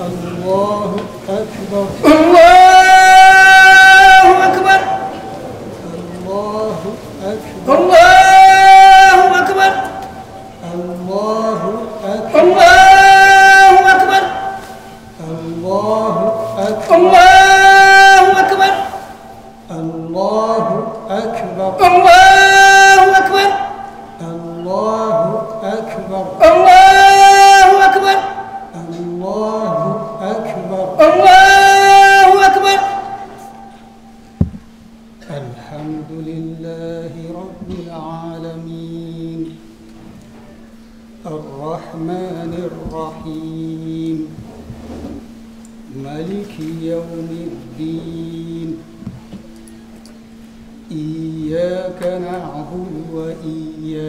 الله أكبر الله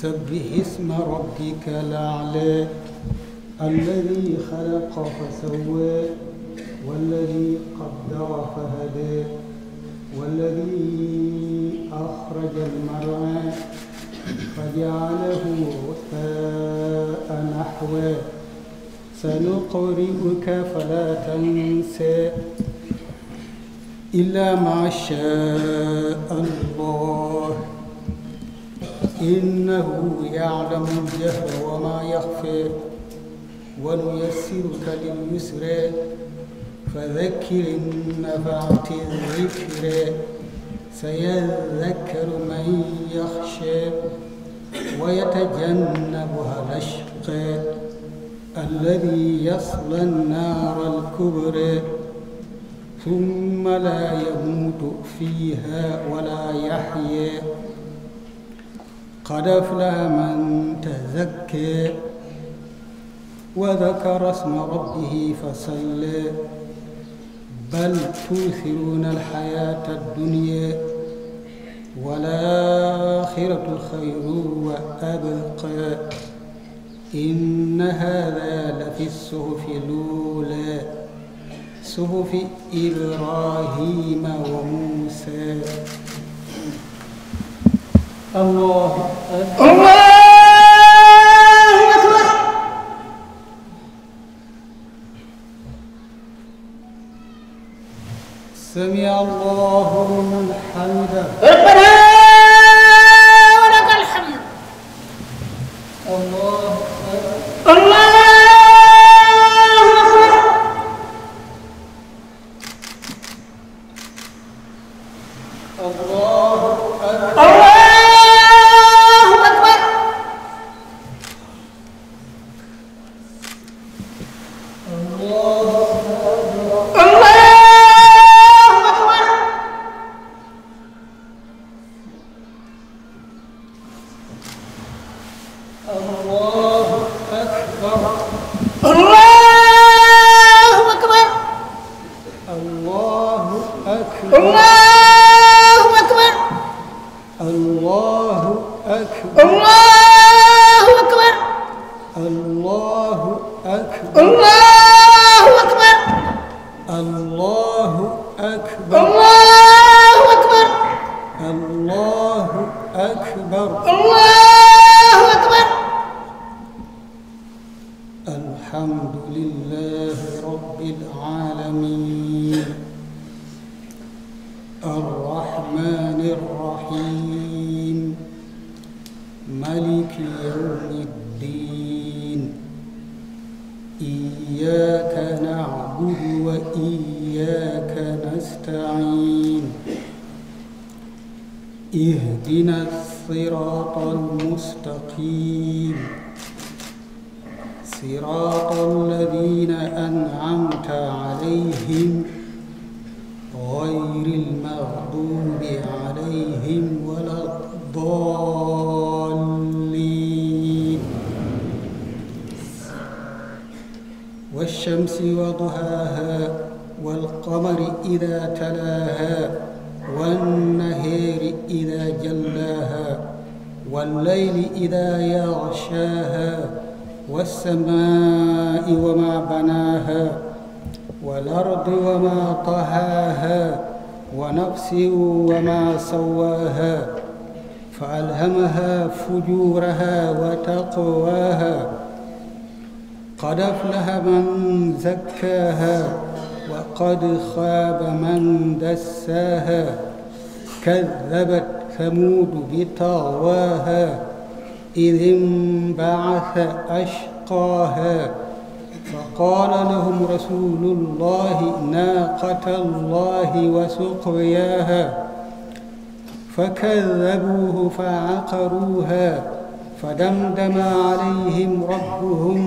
sabbih isma rabbika al-a'la alladhi khalaqa fasawwa والذي قدر فهدى والذي أخرج المرعى فجعله غثاء نحوا سنقرئك فلا تنسى إلا ما شاء الله إنه يعلم الجهر وما يخفى ونيسرك لليسرى فذكر إن نفعت الذكرى سيذكر من يخشى ويتجنبها الأشقى الذي يصلى النار الكبرى ثم لا يموت فيها ولا يحيا قد أفلح من تزكى وذكر اسم ربه فصلى بل تؤثرون الحياة الدنيا والآخرة خير وأبقى إن هذا لفي الصحف الأولى صحف إبراهيم وموسى الله أكبر الله أكبر سمع الله لمن حمده مستقيم صراط الذين أنعمت عليهم غير المغضوب عليهم ولا الضالين والشمس وضحاها والقمر إذا تلاها والنهير إذا جلاها والليل إذا يغشاها والسماء وما بناها والأرض وما طهاها ونفس وما سواها فألهمها فجورها وتقواها قد أفلح من زكاها وقد خاب من دساها كذبت ثمود بطغواها إذ انبعث أشقاها فقال لهم رسول الله ناقة الله وسقياها فكذبوه فعقروها فدمدم عليهم ربهم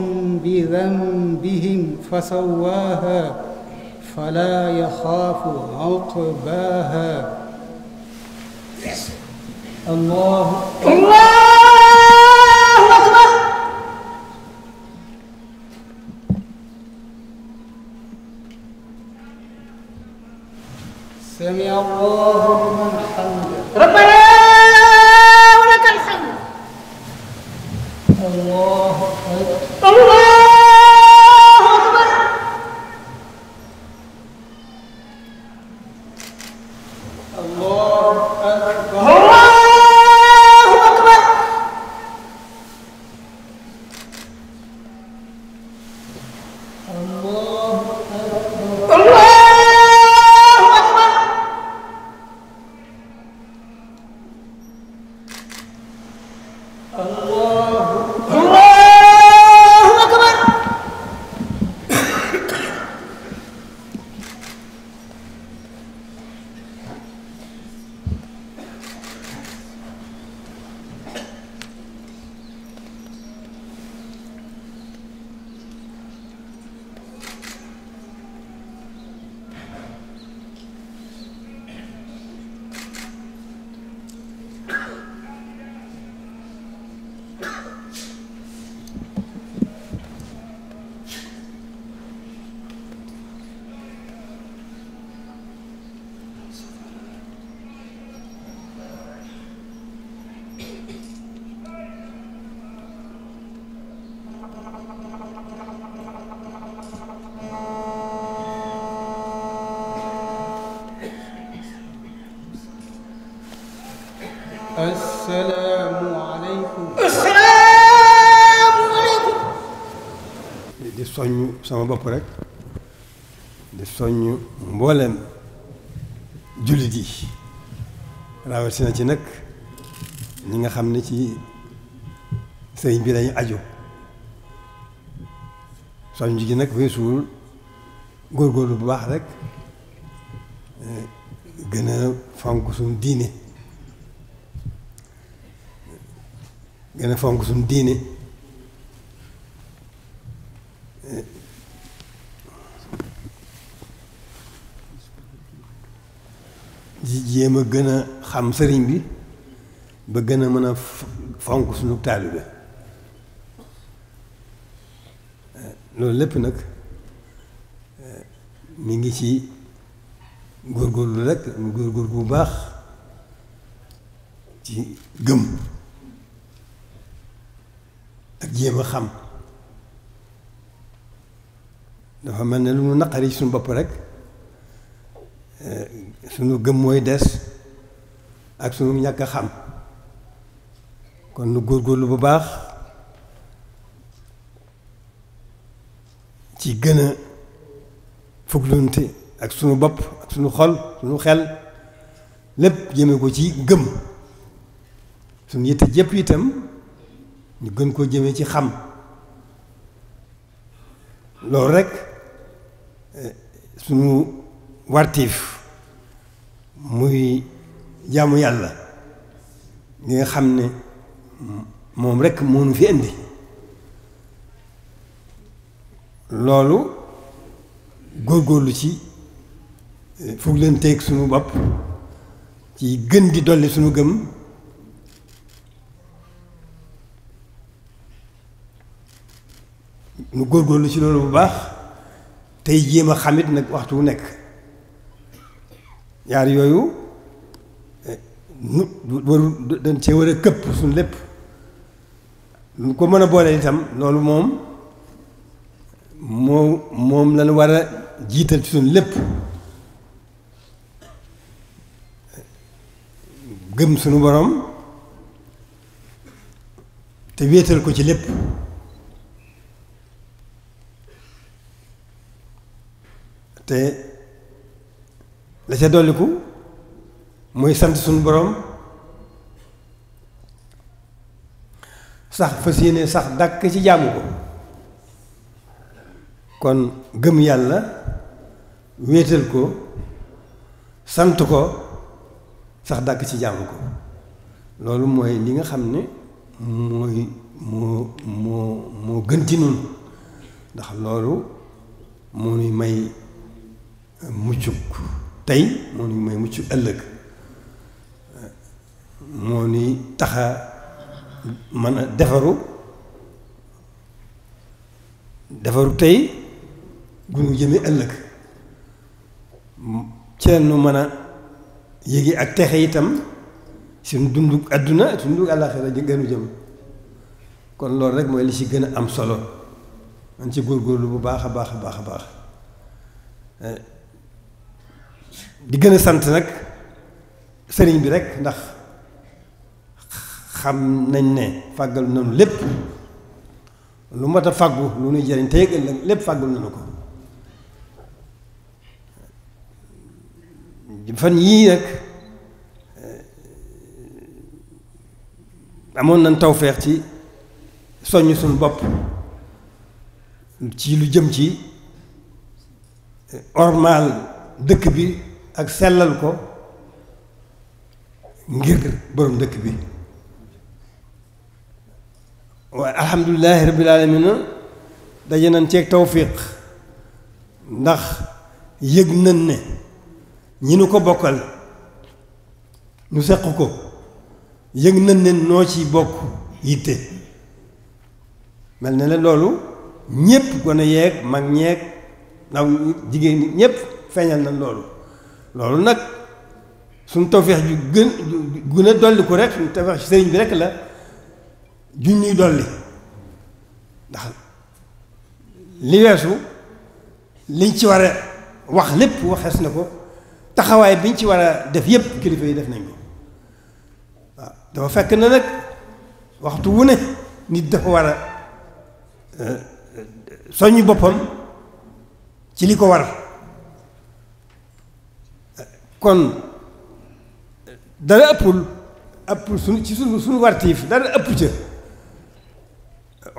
بذنبهم فسواها فلا يخاف عقباها allahu allahu akbar sami allahu liman hamdah sama bopp rek di soññ mbooleem jullit yi rawatina ci nag ñi nga xam ne ci sëriñ bi lañu ajo soññ ji nag weesuwul góorgóorlu bu baax rek eh, gën a fonk suñu diine gën a fonk suñu diine eh, jéem a gën a xam sëriñ bi ba gën a mën a fonk suñu taalibe eh, loolu lépp nag eh, mu ngi ci góorgóorlu rek mu góorgóor bu baax ci gëm ak jéem a xam dafa mel ne lu mu naqari suñu bopp rekk eh, sunu gëm mooy des ak sunu ñàkk xam kon nu góorgóorlu bu baax ci gëna a fuglunte ak sunu bopp ak sunu xol sunu xel lépp jëme ko ci gëm sunu yitte jëpp itam ñu gën koo jëme ci xam loolu rekk eh, sunu wartiif muy jaamu yàlla gi nga xam ne moom rekk moo nu fi indi loolu góorgóorlu ci fug leen teeg sunu bopp ci gën di dolli sunu gëm góor góorlu ci loolu bu baax tey jéem a xamit nag waxtu wu nekk ñaar yooyu nu eh, waru dañ cee war a këpp suñ lépp lu ko mën a boole itam loolu moom moo moom lañ war a jiital ci suñ lépp gëm suñu borom te wéetal ko ci lépp te la ca dolliku mooy sant suñu boroom sax fas yéene sax dàkk ci jaamu ko kon gëm yàlla wéetal ko sant ko sax dàkk ci jaamu ko loolu mooy li nga xam ne mooy moo moo moo gën ci nun ndax loolu moo nuy may muccuk tey moo ñu may mucc ëllëg moo ni taxa mën a defaru defaru tey gu ñu jëme ëllëg ci nu mën a yéegi ak texe itam suñ dundu àdduna suñ dundu àllaaxira gënu jëm kon loolu rek mooy li ci gën a am solo man ci góorgóorlu bu baax a baax a baax a baax di gën a sant nag sëriñ bi rek ndax xam nañ ne fàggal nañu lépp lu mat a fàggu lu nuy jëriñ te yëgal nag lépp fàggul nañu ko fan yii nag eh, amoon nañ tawfeex ci soññ suñu bopp ci lu jëm ci eh, ormal dëkk bi ak sellal ko ngir borom dëkk bi waaye alhamdulilahi rabbil alamina daje nañ ceeg tawfiq ndax yëg nañ ne ñi nu ko bokkal nu seq ko yëg nañ ne noo ci bokk yitte mel na ne loolu ñépp gone yeeg mag ñeeg ndaw jigéen ñépp feeñal na loolu loolu nag suñ tawfeex ju gën gën a dolli ko rek suñ tawfeex ci sëriñ bi rek la juñ nuy dolli ndax li weesu liñ ci war a wax lépp waxees na ko taxawaay biñ ci war a def yépp kilifa yi def nañ ko waaw dafa fekk na nag waxtu wu ne nit dafa war a eh, soññ boppam ci li ko war kon dara ëppul ëpp suñ ci suñ suñu wartiif dara ëpp ca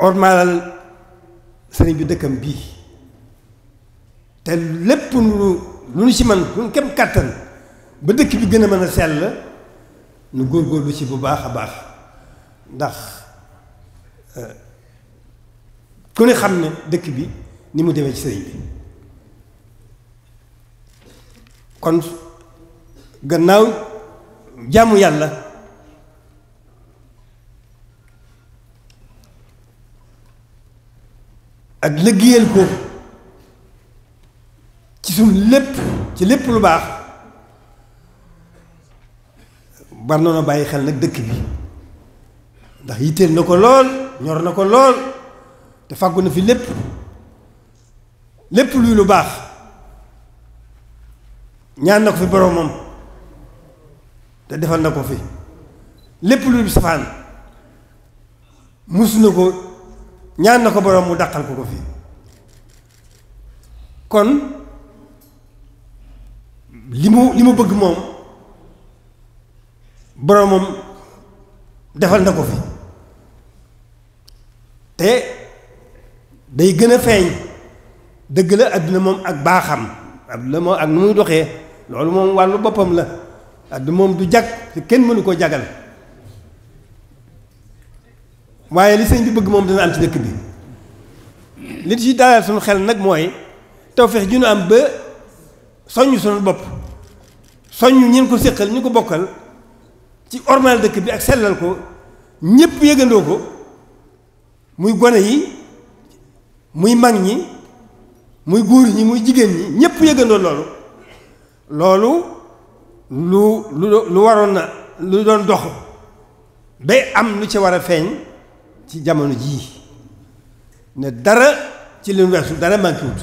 ormaalal sëriñ bi dëkkam bii te lépp lu lu ñu ci man lu kem kàttan ba dëkk bi gën a mën a sell nu góor góorgóorlu ci bu baax a baax ndax euh, ku ne xam ne dëkk bi ni mu demee ci sëriñ bi kon gannaaw jaamu yàlla ak liggéeyal ko ci suñ lépp ci lépp lu baax war noonu bàyyi xel nag dëkk bi ndax yitteel na ko lool ñor na ko lool te fàgguna fi lépp lépp luy lu baax ñaan na ko fi boroomam te defal na ko fi lépp lu safaan mus na ko ñaan na ko boroom mu daqal ko ko fi kon li mu li mu bëgg moom boroomam defal na ko fi te day gën a feeñ dëgg la àdduna moom ak baaxam àdduna moom ak nu muy doxee loolu moom wàllu boppam la du moom du jag te kenn mënu koo jagal waaye li sëñ bi bëgg moom dana am ci dëkk bi li ci dalal suñu xel nag mooy tawfeex ju ñu am ba soññ suñu bopp soññ ñeen ko séqal ñu ko bokkal ci ormal dëkk bi ak sellal ko ñépp yëgandoo ko muy gone yi muy mag ñi muy góor ñi muy jigéen ñi ñépp yëgandoo loolu loolu lu lu lu waroon na lu doon dox bay am lu ci war a feeñ ci jamono jii ne dara ci li ñu weesu dara manqué wut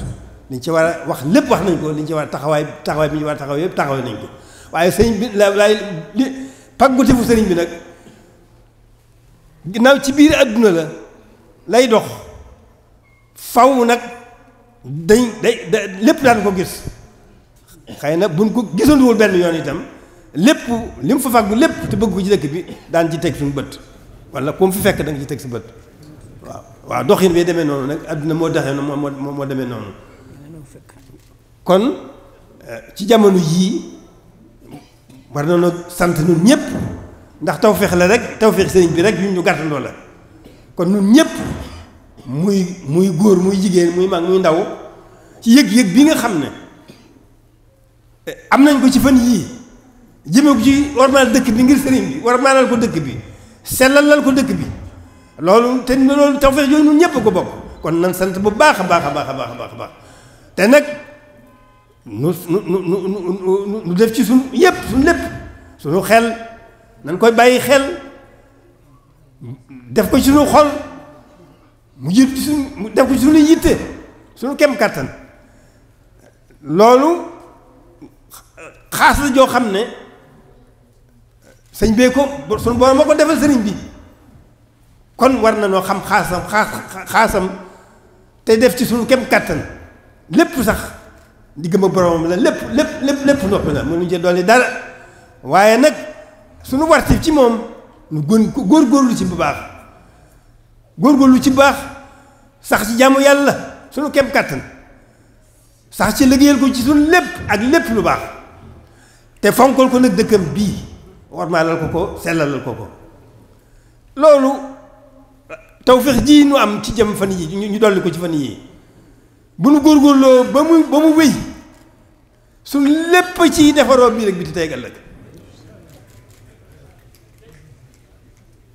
liñ ci war a wax lépp wax nañ ko liñ ci war a taxawaay taxawaay bi ñu war a taxaw yëpp taxawaay nañ waaye sëriñ bi la laay li pàggute fu sëriñ bi nag ginnaaw ci biir adduna la lay dox faw nag dañ day lépp daan ko gis xëy na bu buñ ko gisanduwul benn yoon itam lépp li mu fa fàggu lépp te bëgg ko ci dëkk bi daan ci teg suñu bët wala ku mu fi fekk da ci teg si bët waaw waaw doxin bi demee noonu nag adduna moo doxee moo moo moo demee noonu kon eh, ci jamono yii war na sant ñun ñëpp ndax tawféex la rek tawféex sëriñ bi rek ñun ñu gàttandoo la kon ñun ñépp muy muy góor muy jigéen muy mag muy ndaw ci yëg-yëg bi nga xam ne. am nañ ko ci fan yii jëmee ko ci warmaal dëkk bi ngir sëriñ bi warmaalal ko dëkk bi lal ko dëkk bi loolu te loolu tawfeex yooyu ñun ñëpp ko bokk kon nan sant bu baax a baax a baax a a baax te nag nu nu nu nu def ci suñu yëpp suñu lépp suñu xel nan koy bàyyi xel def ko ci suñu mu ci suñu def ko ci suñu yitte suñu kem kàttan loolu xaas la joo xam ne sëñ bee ko suñu borom moo ko defal sëriñ bi kon war na noo xam xaasam xaasam te def ci suñu kem kàttan lépp sax di gëm a boromam la lépp lépp lépp lépp noppi la mënuñu ci dolli dara waaye nag suñu wartif ci moom nu gën góorlu ci bu baax góorgóorlu ci bu baax sax ci jaamu yàlla suñu kem kàttan sax ci liggéeyal ko ci suñu lépp ak lépp lu baax te fonkal ko nag dëkkam bii war maa lal ko ko sellalal ko ko loolu tawféex ji nu am ci jëm fan yi ñu dolli ko ci fan yi bu nu góorgóorloo ba mu ba mu wéy su lépp ci defaroo bii rek bi ti tey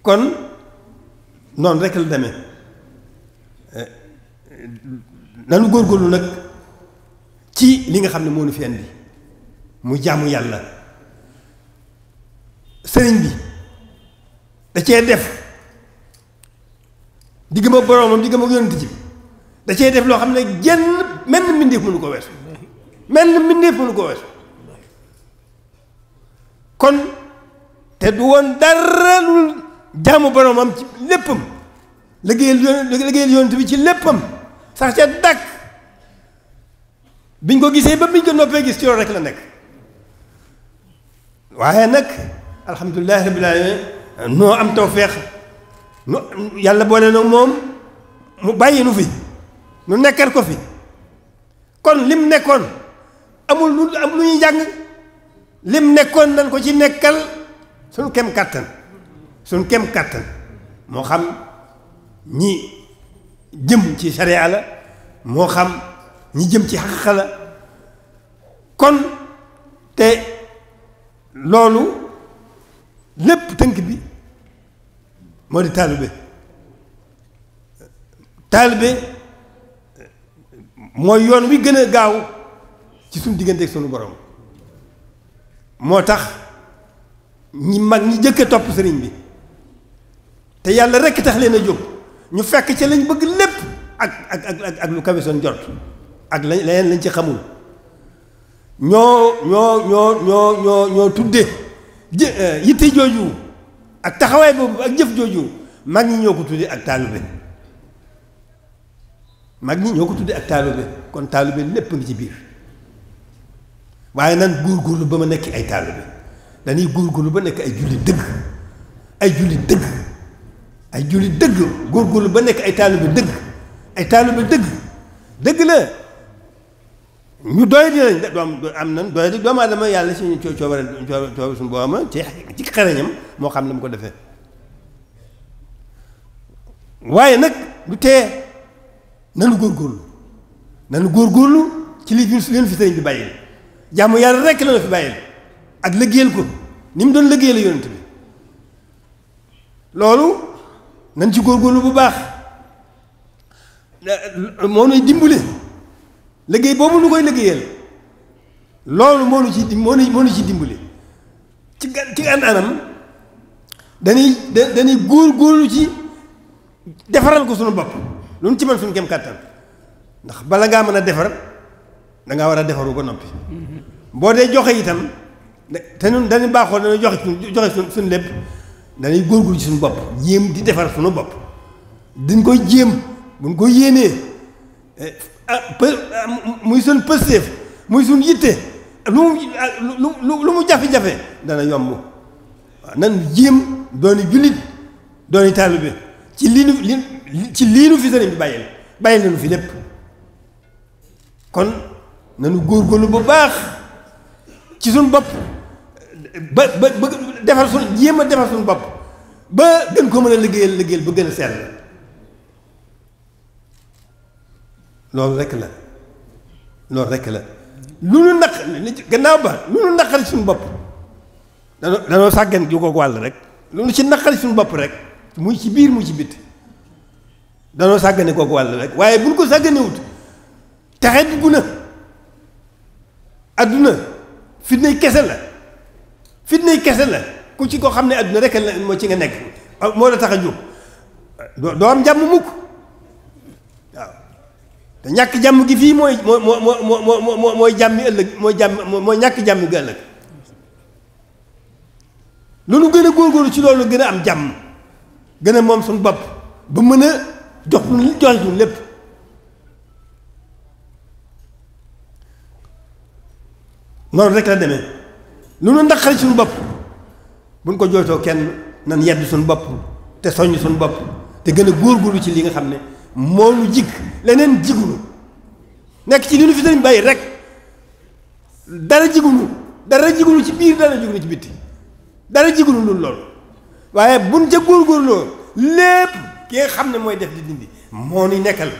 kon noonu rek la demee eh, nanu góorgóorlu nag ci li nga xam ne moo nu fi andi mu jàmm yàlla sëriñ bi da cee def diggam ak boroomam diggam ak yonent ci da cee def loo xam ne jenn menn mbindeef mënu ko weesu menn mbindeef mënu ko weesu kon te du woon dara lu jaamu boroomam ci léppam liggéeyal yoon liggéeyal yonent bi ci léppam sax ca dàkk biñ ko gisee ba biñ ko noppee gis ci loolu rek la nekk waaye nag alhamdulilahi rabbil noo am tawféex nu yàlla boole nag moom mu bàyyi nu fi nu nekkal ko fi kon lim nekkoon amul lu am lu ñuy jàng lim nekkoon nañ ko ci nekkal suñ kem kàttan suñ kem kàttan moo xam ñi jëm ci sariya la moo xam ñi jëm ci xaq la kon loolu lépp tënk bi moo di taalibe taalibe mooy yoon wi gën a gaaw ci suñu digganteek suñu borom moo tax ñi mag ñi jëkk topp sëriñ bi te yàlla rekk tax leen a jóg ñu fekk ci lañ bëgg lépp ak ak ak ak lu kawe seen jot ak lañ lañ ci xamul ñoo ñoo ñoo ñoo ñoo tudde eh, yitte jooju ak taxawaay boobu ak jëf jooju mag ñi ñoo ko tudde ak taalube mag ñi ñoo ko tudde ak taalube kon taalube lépp ngi ci biir waaye nan góorgóorlu ba ma nekk ay taalube dañuy góorgóorlu ba nekk ay dëgg ay julli dëgg dëgg góorgóorlu ba nekk ay taalube dëgg ay taalube dëgg dëgg la ñu doy di lañ doom am nan doy di doomu aadama yàlla suñu coo coobare coobare suñu boobama ci ci xarañam moo xam ne mu ko defee waaye nag du tee nanu góorgóorlu nanu góorlu ci li si leen fi sëriñ bi bàyyil jaamu yàlla rekk la fi bàyyil ak liggéeyal ko ni mu doon liggéeyal yonent bi loolu nan ci góorlu bu baax moo nuy dimbali liggéey boobu nu koy liggéeyal loolu moo nu ci moo nu moo nu ci dimbali ci ci an anam dañuy dañuy góor góorlu ci defaral ko sunu bopp lu mu ci mën suñu kem ndax bala ngaa mën a defar danga war a defaru ba noppi boo dee joxe itam te ñun dañu baaxoo dañu joxe suñu joxe suñu suñu lépp dañuy góorgóorlu ci suñu bopp jéem di defar sunu bopp dañ koy jéem buñ ko yéenee eh, muy suñ pësteef muy suñ yitte lu mu lu mu jafe-jafe dana yomb waaw nan jéem dooni jullit dooni taalibe ci lii ci lii nu fi sëriñ bi bàyyil bàyyil nañu fi lépp kon nanu góorgóorlu bu baax ci suñ bopp ba ba ba defar suñ jéem a defar suñ bopp ba gën koo mën a liggéeyal liggéeyal ba gën a sell loolu rekk la loolu rekk la lu nu naq gannaaw ba lu nu naqari suñu bopp danoo danoo sàggan ju wàll rek lu nu ci naqari suñu bopp rek muy ci biir mu ci bitt danoo sàggane kooku wàll rek waaye buñ ko sàgganewut taxe dugg na adduna fitnay kese la fitnay kese la ku ci ko xam ne adduna rek la moo ci nga nekk moo la tax a jóg doo am jàmm mukk te ñàkk jàmm gi fii mooy moo moo moo moo moo mooy jàmmi ëllëg mooy jàmm mooy ñàkk jàmm gi ëllëg lu nu gën a góorgóorlu ci loolu gën a am jàmm gën a moom suñu bopp ba mën a jox lu joxe suñu lépp noonu rek la demee lu nu naqari suñu bopp buñ ko jooytoo kenn nan yedd suñu bopp te soññ suñu bopp te gën a góorgóorlu ci li nga xam ne moo nu jig leneen jigunu nekk ci li lu fi sëriñ bàyyi rek dara jigunu dara jigunu ci biir dara jigunu ci bitti dara jigunu loolu loolu waaye buñ ca góorgóorloo lépp ki nga xam ne mooy def di dindi moo ni nekkal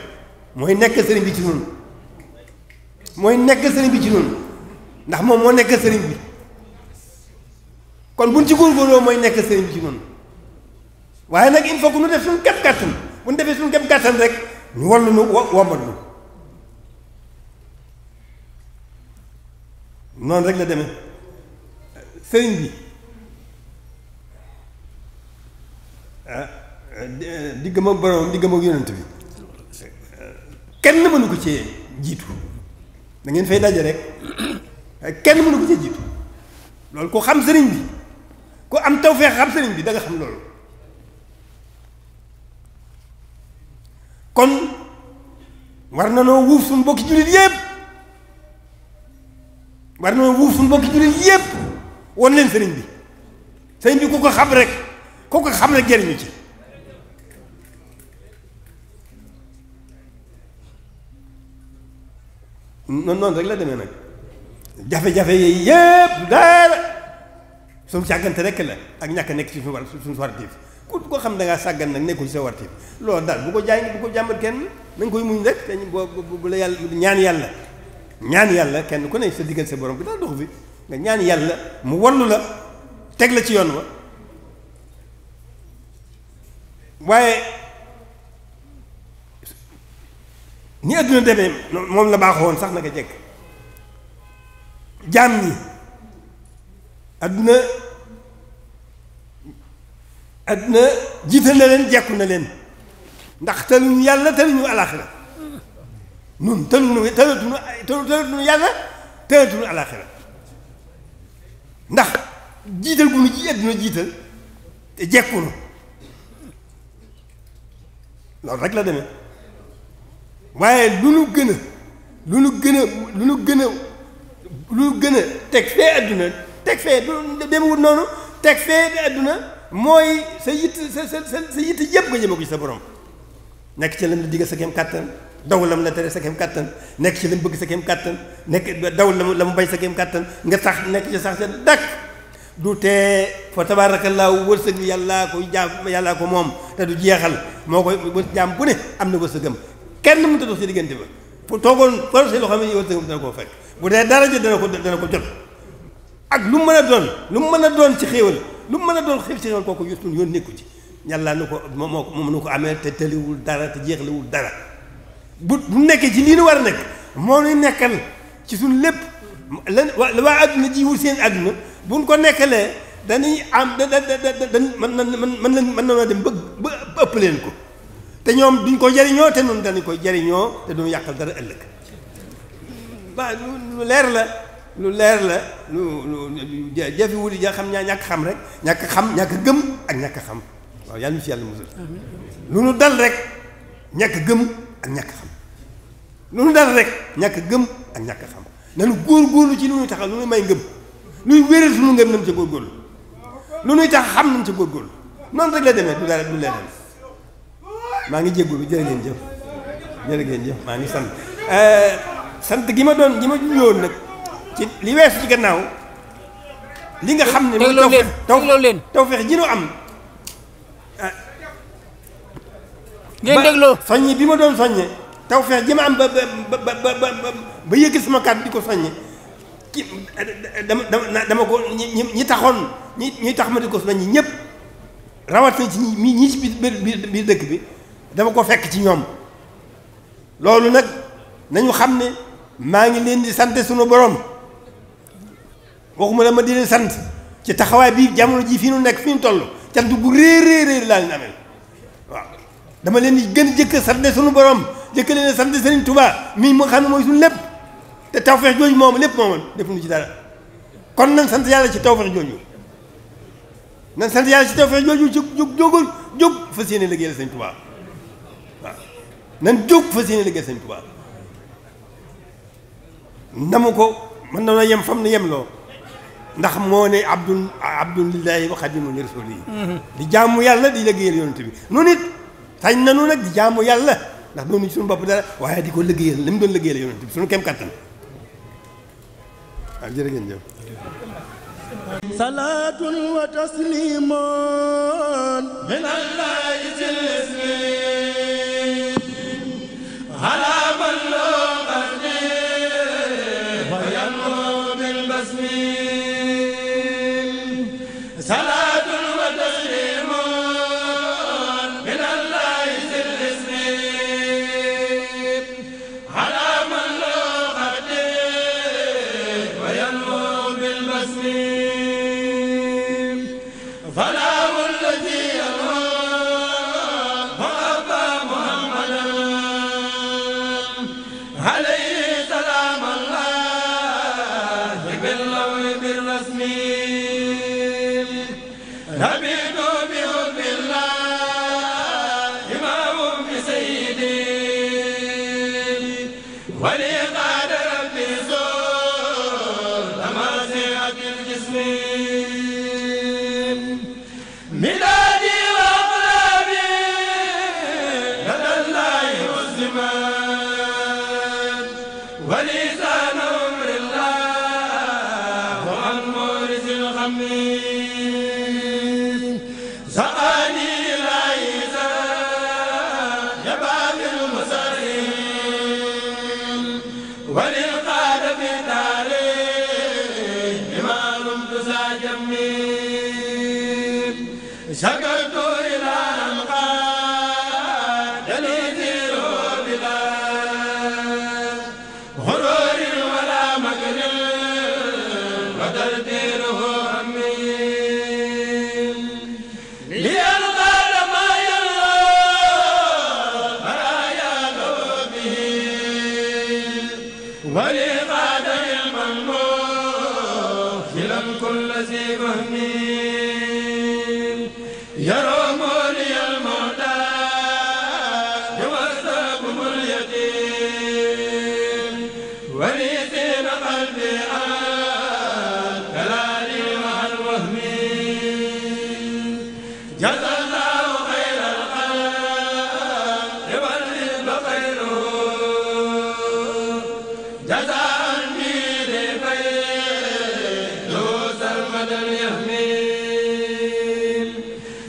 mooy nekk sëriñ bi ci noonu mooy nekk sëriñ bi ci noonu ndax moom moo nekk sëriñ bi kon buñ ci góorgóorloo mooy nekk sëriñ bi ci noonu waaye nag il faut que nu def suñu kat kàttan bu ñu defee suñu gëm gàttal rek ñu wallu nu wo- wombat nu noonu rek la deme sëriñ bi ah, diggam ak borom diggam ak yonent bi kenn mënu ko ci jiitu da ngeen fay daje rek kenn mënu ko ci jiitu loolu ku xam sëriñ bi ku am tawfeex xam sëriñ bi da nga xam loolu kon war na noo wuuf suñu bokki jullit yépp war na noo wuuf suñu bokki jullit yépp won leen sëriñ bi sëriñ bi ku ko xam rek ku ko xam rek jëriñu ci noonu noonu rek la demee nag jafe-jafe yi yépp daara suñu càggante rekk la ak ñàkk nekk ci suñu war suñu wartiif képp xam ne sàggan nag nekkul ci sa warti loolu ko jaay bu ko jàmbat kenn na nga koy muñ rek te bu la ñaan yàlla ñaan yàlla kenn ku ne sa diggante sa borom bi daal dox bi nga mu wallu la teg la ci yoon wa waaye ni adduna demee moom la baaxoon sax naka jekk jaam ñi adduna àdduna jiital na leen jekku na leen ndax taluñu yàlla taluñu alaxira nun taluñu talatuñu talatuñu yàlla talatuñu alaxira ndax jiital gu nu ji àdduna jiital te jekkunu loolu rek la demee waaye lu nu gën lu nu gëna a lu nu gën a lu nu gën teg fee àdduna teg fee du demewut noonu teg fee àdduna mooy sa yitt sa sa sa yitt yëpp nga jëma ko ci sa borom nekk ci lam la diggal sa kem kàttan daw lam la tere sa kem kàttan nekk ci lam bëgg sa kem kàttan nekk daw la la mu bañ sa kem kattan nga sax nekk ci sax sa dakk du tee fa tabaarakallaahu wërsëg yàllaa ko jaam yàllaa ko moom te du jeexal moo koy jaam bu ne am na wërsëgam kenn mu a dox si diggante ba fu toogoon projet loo xam ne wërsëgam dana koo fekk bu dee dara jot dana ko dana ko jot ak lu mu mën a doon lu mu mën a doon ci xéewal lu mu mën a doon xew ci ko kooku ñun yoon nekku ci yàlla nu ko moo ko moom nu ko amee te tëliwul dara te jeexliwul dara bu bu nekkee ci lii nu war a nekk moo nu nekkal ci suñ lépp lan waa àdduna ji wut seen àdduna ko nekkalee dañuy am da da da da man man man mën na dem bëgg ba ëpp leen ko te ñoom duñ ko jariñoo te noonu dañu koy jariñoo te duñu yàqal dara ëllëg waaw lu leer la. lu leer la lu lu jafe wuti ja xam ñaa ñàkk xam rek ñàkk xam ñàkk gëm ak ñàkk xam waaw yàlla na ci yàlla musal lu nu dal rek ñàkk gëm ak ñàkk xam lu nu dal rek ñàkk gëm ak ñàkk xam nanu góor-góorlu ci lu nuy taxal lu nuy may ngëm luy wéral suñu ngëm nam ca góor-góorlu lu nuy tax xam nam ca góor-góorlu noonu rek la demee du dara du leneen maa ngi jéggu bi jërë ngeen jëf jërë ngeen jëf maa ngi sant eh, sant gi ma doon gi ma ñëwoon nag ci li weesu ci gannaaw li nga xam ne mooy tawfeex leen tawfeex ji nu am ngeen dégloo soññi bi ma doon soññe tawfeex ji ma am ba ba ba ba ba yëg sama kàddu di ko soññe ci dama dama dama ko ñi ñi taxoon ñi ñuy tax ma di ko soññe ñëpp rawatina ci ñi ñi ci biir biir dëkk bi dama ko fekk ci ñoom loolu nag nañu xam ne maa ngi leen di sant sunu borom waxuma la ma di leen sant ci taxawaay bii jamono jii fii nu nekk fii nu toll cant bu réer réer laa leen amel waaw dama leen di gën jëkk sant suñu borom jëkk leen sant Serigne Touba mii mu xam ne mooy suñu lépp te tawfeex jooju moom lépp moom def nu ci dara kon nan sant yàlla ci tawfeex jooju nan sant yàlla ci tawfeex jooju jóg jóg jógul jóg fas yéene liggéeyal Serigne Touba waaw nan jóg fas yéene liggéeyal Serigne Touba namu ko mën na yem fam na yem loo ndax moo ne abdul abdulillahi wa xadimu rasuli di jaamu yàlla di liggéeyal yonent bi nu nit sañ nanu nag di jaamu yàlla ndax doonu suñu bopp dara waaye di ko liggéeyal li mu doon liggéeyal yonent bi suñu kem kattan waaw jërë ngeen jëf salaatun wa taslimun min allahi بالرسم نبي